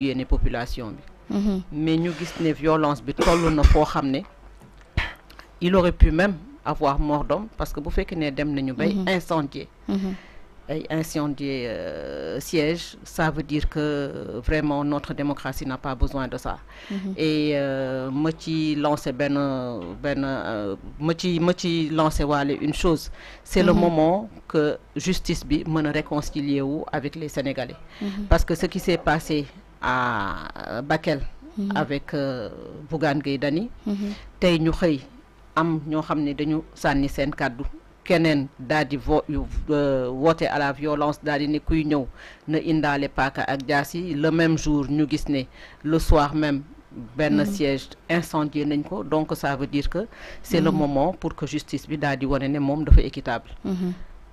une population mhm. mais ñu gis la violence il aurait pu même avoir mort d'homme parce que bu fekkee ne dem nañu mhm. incendier mhm. Euh, siège ça veut dire que euh, vraiment notre démocratie n'a pas besoin de ça et euh, ma ci lancé une chose c'est le moment que justice me réconcilie réconcilier avec les Sénégalais parce que ce qui s'est passé à euh, Bakel. Mhm. avec euh, Bougan Gaydani. Mhm. ñu am euh, la violence ne na le même jour ñu le soir même. ben siège incendié donc ça veut dire que c'est le moment pour que justice bi dadi woné équitable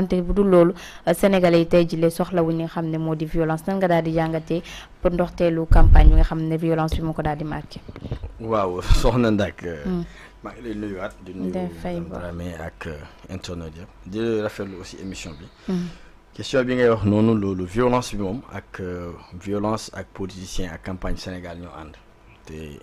wante bu dul loolu euh, sénégalais tay jilé soxla soxlawuñ li nga xam violence nan nga daal di jàngatee pour ndoxteelu campagne bi nga xamné violence bi moo ko daal di marqué waaw soxna Ndak euh, hmm. maa ngi lay nuyuwaat di nuyu ramé ak euh, internet yëpp di rafetlu aussi émission bi hmm. question bi ngay wax noonu loolu violence bi mom ak violence ak politicien ak campagne Sénégal ñu and té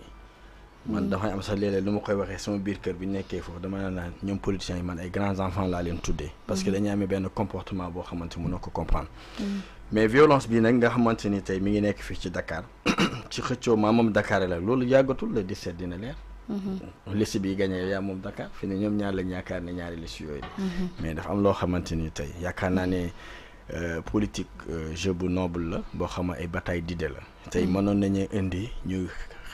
man dafay am sax léeg-léeg lu ma koy waxee sama biir kër bi ñu nekkee foofu dama ne naan ñoom politiciens yi man ay grands enfants laa leen tuddee. parce que mm-hmm. dañuy amee benn comportement boo xamante mënoo ko comprendre. Mm-hmm. mais violence bi nag nga xamante ni tey mi ngi nekk fii ci Dakar ci xëccoo maa moom Dakar la loolu yàggatul le 17 dina leer. Mm-hmm. liste bi gagné yaa moom Dakar fi ne ñoom ñaar la yaakaar ne ñaari liste yooyu. mais dafa am loo xamante ni tey yaakaar naa ne. Euh, politique euh, jeu bu noble la boo xam ay bataille d'idées la tey mënoon nañu indi ñu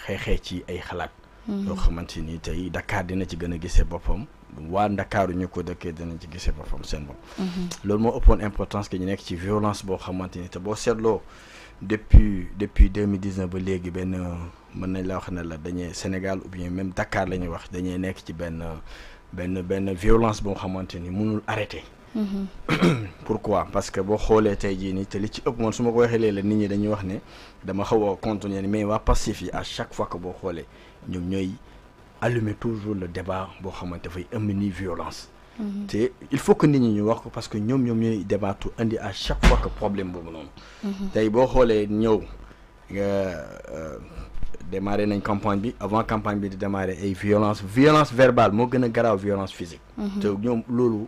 xeexee ci ay xalaat yoo mm-hmm. xamanteni tay Dakar dina ci gëna a bopam wa dakar Ndakaaru ñu ko dëkkee dina ci gisee bopam seen bop mm-hmm. loolu mo ëppoon importance que ñu nekk ci violence bo xamanteni te bo seetloo depuis depuis 2019 ba légui ben mën nañ la wax ne la dañuy Sénégal ou bien même Dakar la ñuy wax dañuy nekk ci ben ben ben violence bo xamanteni mënul arrêté pourquoi parce que boo xoolee tey jii nii te li ci ëpp moom su ma ko waxee léegi nit ñi dañuy wax ne dama xaw continuer mais waa Pastef à chaque fois que boo xoolee ñoom ñooy allumer toujours le débat boo xamante dafay une ni violence. Mhm. te il faut que nit ñi ñu wax ko parce que ñoom ñoom ñooy débattu indi à chaque fois que problème boobu noonu. Mhm. tey boo xoolee ñëw nga euh, démarrer nañ campagne bi avant campagne bi de démarrer et violence violence verbale moo gën a garaaw violence physique. Mhm. te ñoom loolu.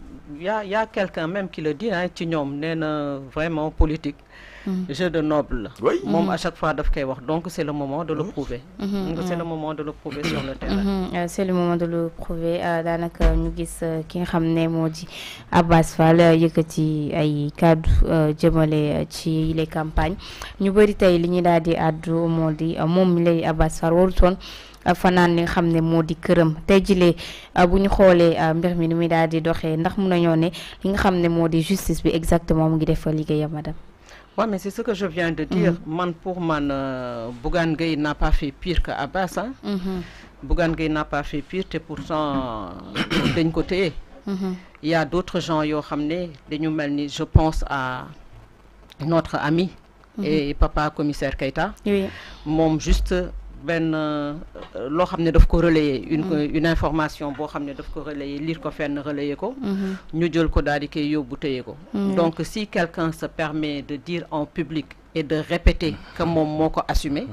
il y a quelqu'un même qui le dit un hein, ci n'est vraiment politique. Mm-hmm. jeu de noble à mm-hmm. chaque fois donc c'est le moment de le mm-hmm. prouver. c'est le moment de le prouver sur le terrain. Euh, c'est le moment de le prouver euh, Danaka, ñu euh, ki les campagnes fanaan li nga xam ne moo di këram tey jilee bu ñu xoolee mbir mi ni muy daal di doxee ndax mun nañoo ne li nga xam ne moo di justice bi exactement mu ngi def fa madame. Oui, mais c'est ce que je viens de dire. Mm -hmm. Man, pour man, euh, gay n'a pas fait pire qu'Abbas. Hein? Mm -hmm. Bougan n'a pas fait pire, et pourtant, d'un côté, mm -hmm. il y a d'autres gens qui ont ramené. Je pense à notre ami mm-hmm. et papa commissaire Keita. Oui. Mon juste ben euh, lo xam daf ko relayer une mm-hmm. une information bo xam daf ko relayer lire ko fenn relayer ko mm-hmm. ñu jël ko daal di koy ko mm-hmm. donc si quelqu'un se permet de dire en public et de répéter que moom mot assumé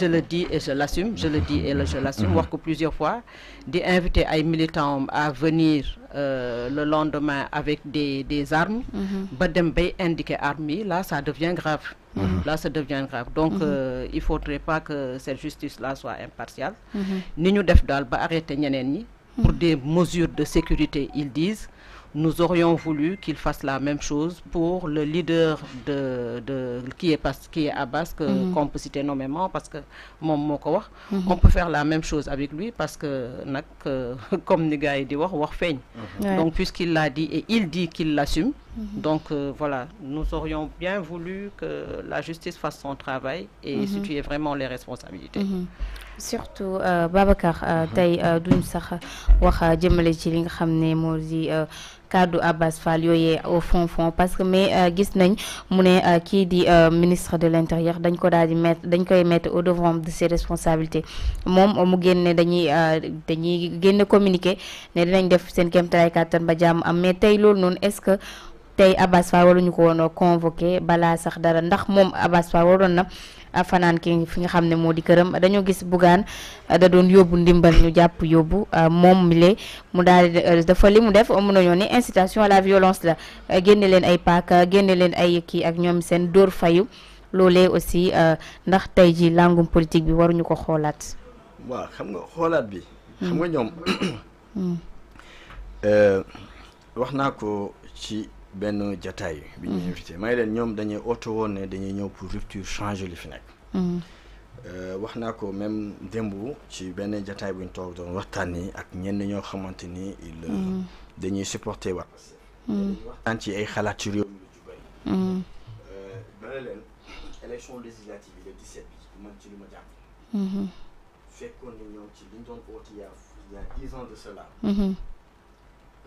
je le dis et je l'assume je le dis et je l'assume voire que plusieurs fois d'inviter à ay militants à venir euh, le lendemain avec des des armes ba dem bay indiquer armée, là ça devient grave là ça devient grave donc euh, il faudrait pas que cette justice là soit impartiale Mhm. arrêté mhm. pour des mesures de sécurité ils disent nous aurions voulu qu'il fasse la même chose pour le leader de qui est qui est que mhm. qu'on peut citer nommément parce que mon on peut faire la même chose avec lui parce que comme ni gars yi di donc puisqu'il l'a dit et il dit qu'il l'assume donc euh, voilà nous aurions bien voulu que la justice fasse son travail et situer vraiment les responsabilités surtout euh, Babacar euh, mhm. tay euh, duñ sax wax jëmale ci li nga xamné ne moo di Abbas Fall yoyé au fond fond parce que mais gis nañ mu ne di ministre de l'intérieur dañ ko daal di mettre dañ koy mettre au devant de ses responsabilités mom mu génné dañuy dañuy génné communiquer ne dinañ def seen kéemtalaay carton ba jàmm am mais tay lool non est-ce que tey Abass Fall waruñu ko woon balaa sax dara ndax moom Abass Fall waroon na ah, fanaan ki fi nga xam ne moo di këram dañoo gis bugaan ah, da doon yóbbu ndimbal ñu jàpp yóbbu ah, moom le mu daal euh, dafa li mu def mun nañoo ne incitation à la violence la génne leen ay paaka génne leen ay kii ak ñoom seen dóor fayu loole aussi euh, ndax tey ji langum politique bi waruñu ko xoolaat waaw xam nga xoolaat bi xam nga ñoom hmm. Hmm. Euh, wax naa ko ci ben jataay bi ñu mhm. invité may leen ñom dañuy auto woon ne dañuy ñëw pour rupture changer li fi nek mhm. euh waxna ko même démb ci ben jataay bu ñu toog doon waxtaan ni ak ñen ñoo xamanteni ni il euh, mhm. dañuy supporter wat waxtaan ci ay xalaat ci réew mi bala euh, leen élection législative le 17 bi man ci li ma jàpp fekkoon ni ñoom ci liñ doon oote yaa il y a dix ans de cela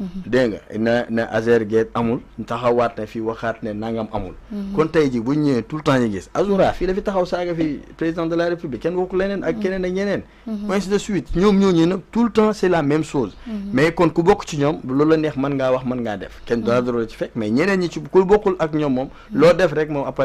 Mhm. deng nga na amul taxawaat ne fii ne nangam amul. Mhm. kon bu tout le temps c'est gis azura fi la taxaw saga fi président de la république mhm. de suite tout la même chose. mais kon ku def. mais